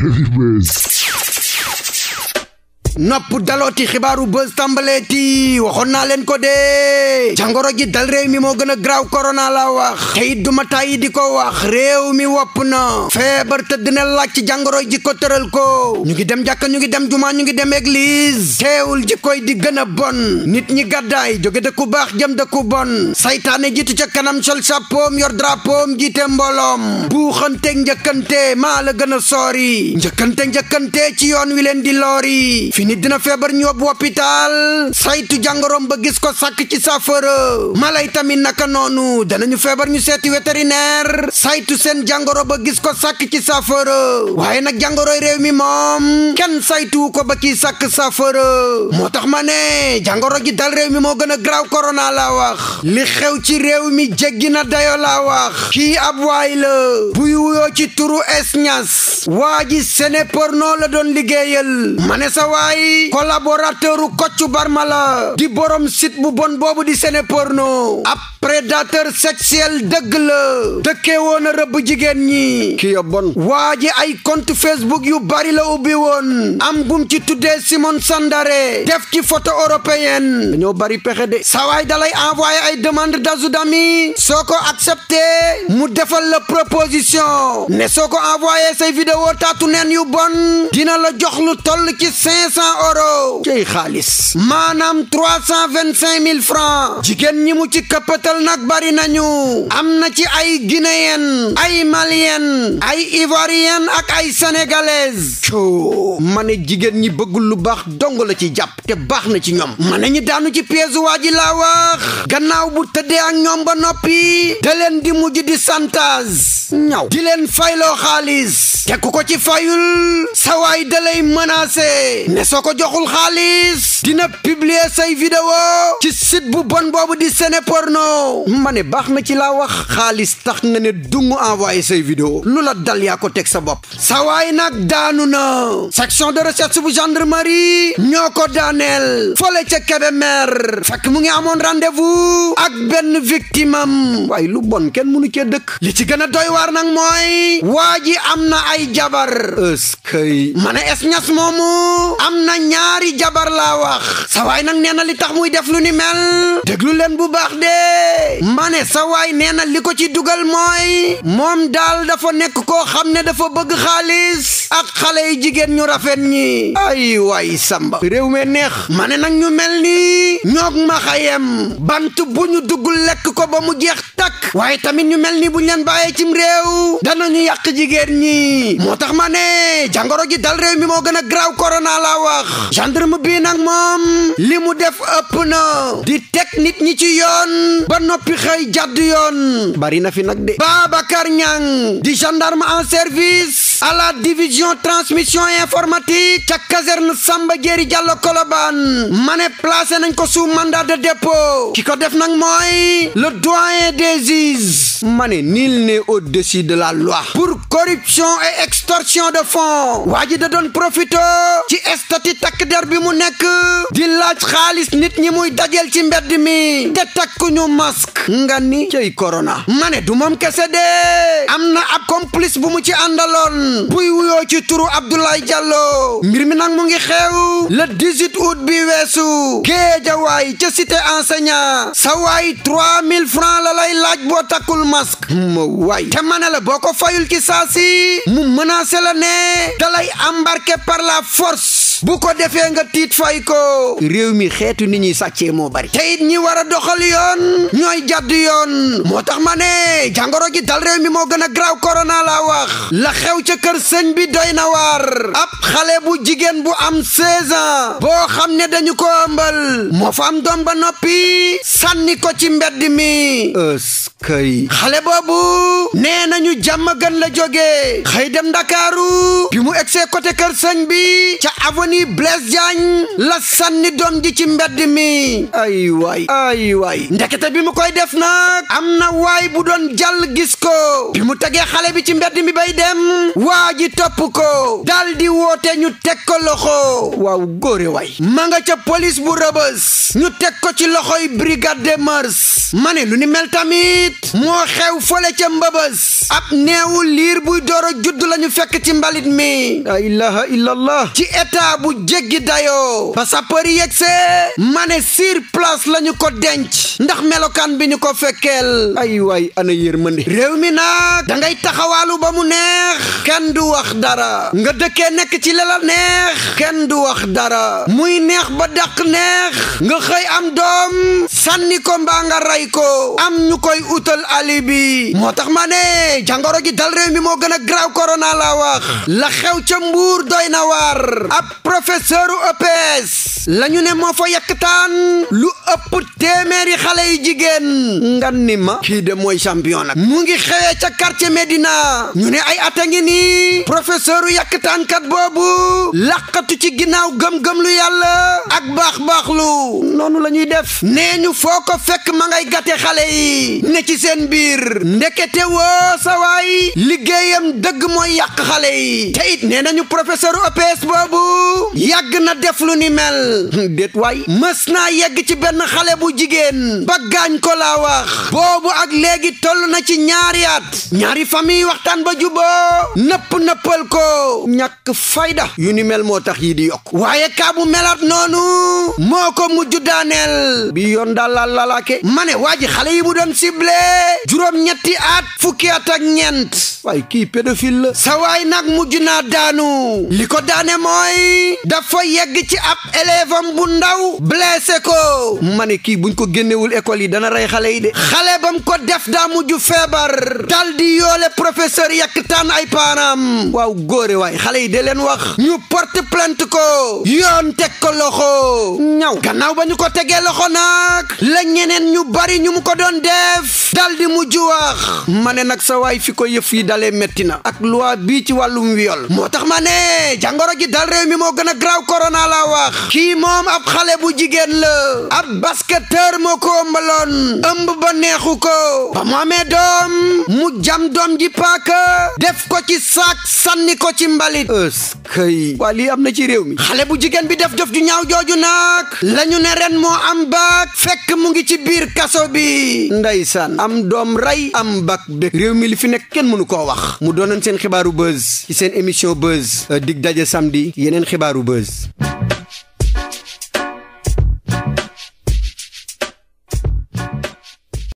Heavyweight. nopp dalooti xibaaru buzz tàmbaleeti waxoon naa leen ko dee jàngoro ji dal réew mi moo gën a graaw korona la wax te du duma tàyyi di ko wax réew mi wapp na feebar tëdd na laaj ci jàngoro ji ko tëral ko ñu ngi dem jàkka ñu ngi dem jumaa ñu ngi dem église teewul ji koy di gën a bon nit ñi gàddaay jóge dëkku baax jëm dëkku bon saytaane jiitu ca kanam sol sapoom yor drapoom jiite bu buuxante njëkkante maa la gën a soori njëkkante njëkkante ci yoon wi leen di loori nit dina feebar ñu yóbbu hôpital saytu jàngoroom ba gis ko sàkk ci saafara mala yi tamit naka noonu danañu feebar ñu seeti vétérinaire saytu seen jàngoro ba gis ko sàkk ci saafara waaye nag jàngoroy réew mi moom kenn saytu ko ba ci sàkk saafara moo tax ma ne jàngoro ji dal réew mi moo gën a graw corona laa wax li xew ci réew mi jéggi na dayo laa wax kii ab waay la buy wuyoo ci turu es ñas waa ji sene noo la doon liggéeyal ma ne sa waay Ndiaye collaborateur u Kocc Barma la di borom sit bu bon boobu di sene porno ab prédateur sexuel dëgg la dëkkee woon a rëbb jigéen ñi ki ya waa ji ay compte Facebook yu bari la ubbi woon am bum ci tuddee Simone Sandare def ci photo européenne dañoo bari pexe de sawaay dalay envoyé ay demande d'azudami soo ko accepté mu defal la proposition ne soo ko envoyé say vidéo taatu neen yu bon dina la jox lu toll ci cinq cent euros xaalis maanaam trois cent vingt cinq mille francs jigéen ñi mu ci kapatal nag bari ñu am na ci ay guinéen ay malien ay ivoirien ak ay sénégalaise co ma ne jigéen ñi bëggul lu baax dong la ci jàpp te baax na ci ñoom ma ñi daanu ci piège waa ji laa wax gannaaw bu tëddee ak ñoom ba noppi da di mujj di santage ñaw di leen fayloo xaalis te ku ko ci fayul sawaay dalay menacé ne soo ko joxul xaalis dina publier say vidéo ci site bu bon boobu di sene porno ma ne baax ma ci laa wax xaalis tax nga ne dungu envoyé say vidéo lu la dal yaa ko teg sa bopp sawaay nag daanu na section de recherche bu gendarmerie ñoo ko daaneel fole ca Kébémer fekk mu ngi amoon rendez ak benn victime am waaye lu bon kenn mënu cee dëkk li ci gën a doy waar nag mooy waa ji am na ay jabar ëskëy ma ne es ñas moomu am na ñaari jabar laa wax sa waay nag nee na li tax muy def lu ni mel déglu leen bu baax de mane sa waay nee na li ko ci dugal mooy moom daal dafa nekk koo xam ne dafa bëgg xaalis ak xale yi jigéen ñu rafet ñi ay waay samba réew me neex ma ne nag ñu mel ni ñoog ma xayem bant bu ñu dugg lekk ko ba mu jeex takk waaye tamit ñu mel ni buñ leen bàyyee cim réew danañu yàq jigéen ñi mi moo tax ma ne jàngoro ji dal réew mi moo gën a graaw korona la wax gendarme bi nag moom li mu def ëpp na di teg nit ñi ci yoon ba noppi xëy jàdd yoon bari na fi nag de Babacar Niang di gendarme a service a la division transmission informatique ca caserne Samba Diéry Diallo Colobane ma ne placé nañ ko sous mandat de dépôt ki ko def nag mooy le doyen des juges ma ne nul n'est au de la loi pour corruption et extorsion de fonds waa ji da doon profito ci estati takk der bi mu nekk di laaj xaalis nit ñi muy dajel ci mbedd mi te takkuñu masque nga ni cay corona ma ne du moom am na ab complice bu mu ci àndaloon buy wuyoo ci turu Abdoulaye Diallo mbir mi nag mu ngi xew le 18 août bi weesu géejawaay ca cité enseignant sa waay 3000 francs la laaj boo takkul masque ma mm, waay te ma ne la boo ko fayul ci saa si mu menacé la ne dalay embarqué par la force bu ko defee nga tiit fay ko réew mi xeetu ni ñuy sàccee moo bari te it ñi war a doxal yoon ñooy jàdd yoon moo tax ma ne jàngoro ji dal réew mi moo gën a graw korona laa wax la xew ca kër sëñ bi doy na waar ab xale bu jigéen bu am 16 ans boo xam ne dañu ko ëmbal moo fa am doom ba noppi sànni ko ci mbedd mi ëskay xale boobu nee nañu jàmm gën la jógee xëy dem ndakaaru bi mu egsee côté kër sëñ bi ca cérémonie Blaise Diagne la sànni doom ji ci mbedd mi ay waay ndekete bi mu koy def nag am na waay bu doon jàll gis ko bi mu tegee xale bi ci mbedd mi bay dem waa ji topp ko dal di woote ñu teg ko loxo waaw góore waay ma nga ca police bu rëbës ñu teg ko ci loxoy brigade des mœurs ma ne lu ni mel tamit moo xew fole ca mbëbës ab neewu liir buy door a judd la fekk ci mbalit mi la ilaha illallah ci état bu jéggi dayoo ba sapeur yi yegsee ma ne sur place la ñu ko denc ndax melokaan bi ñu ko fekkeel ay waay ana yërmande réew mi nag da ngay taxawaalu ba mu neex kenn du wax dara nga dëkke nekk ci la la neex kenn du wax dara muy neex ba dàq neex nga xëy am doom sànni ko mbaa nga ray ko am ñu koy utal alibi moo tax ma ne jàngoro ji dal réew mi moo gën a graaw corona la wax la xew ca mbuur doy na war ab professeur EPS la ñu ne moo fa yàkkataan lu ëpp téeméeri xale yu jigéen nga ni ma kii de mooy champion nag mu ngi xewee ca quartier Médina ñu ne ay ata ngi nii professeur u yàkkataan-kat boobu làqatu ci ginnaaw gëm lu yàlla ak baax-baax lu noonu la ñuy def nee ñu foo ko fekk ma ngay gàtte xale yi ne ci seen biir ndekete woo sawaay liggéeyam dëgg mooy yàq xale yi te it nañu professeur EPS boobu yàgg na def lu ni mel déet waay mës naa yegg ci benn xale bu jigéen ba gaañ ko laa wax boobu ak léegi toll na ci ñaari at ñaari famille waxtaan ba juboo nëpp nëppal ko ñàkk fayda yu ni mel moo tax yi di yokk waaye kaa bu melaat noonu moo ko mujj daaneel daal laal laalaake ma ne waa yi bu doon ciblé juróom-ñetti at fukki at ak ñeent waay kii pédophile la sa waay nag mujj naa daanu li ko daane mooy dafa yegg ci ab élève am bu ndaw blessé ko ma ne kii buñ ko génnewul école yi dana rey xale yi de xale bam ko def daa mujj feebar dal di yoole professeur yekk taan ay paanaam waaw góore waay xale yi de leen wax ñu porte plainte ko yoon teg ko loxo ñaw gannaaw ba ñu ko tegee loxo nag la ñeneen ñu bari ñu mu ko doon def dal mujj wax ma nag sa fi ko yëf yi dal dalee métti na ak loi bii ci wàllum viol moo tax ma ne jàngoro ji dal réew mi moo gën a graaw corona laa wax kii moom ab xale bu jigéen la ab basketteur moo ko ëmbaloon ëmb ba neexu ko ba mu amee doom mu jam doom ji paaka def ko ci saak sànni ko ci mbalit kay waa lii am na ci réew mi xale bu jigéen bi def jëf ju ñaaw jooju nag la ne ren moo am baak fekk mu ngi ci biir kaso bi ndeysaan am doom rey am bak dëkk réew mi li fi nekk kenn mënu koo wax mu doonoon seen xibaaru buzz ci seen émission buzz dig daje samedi yeneen xibaaru buzz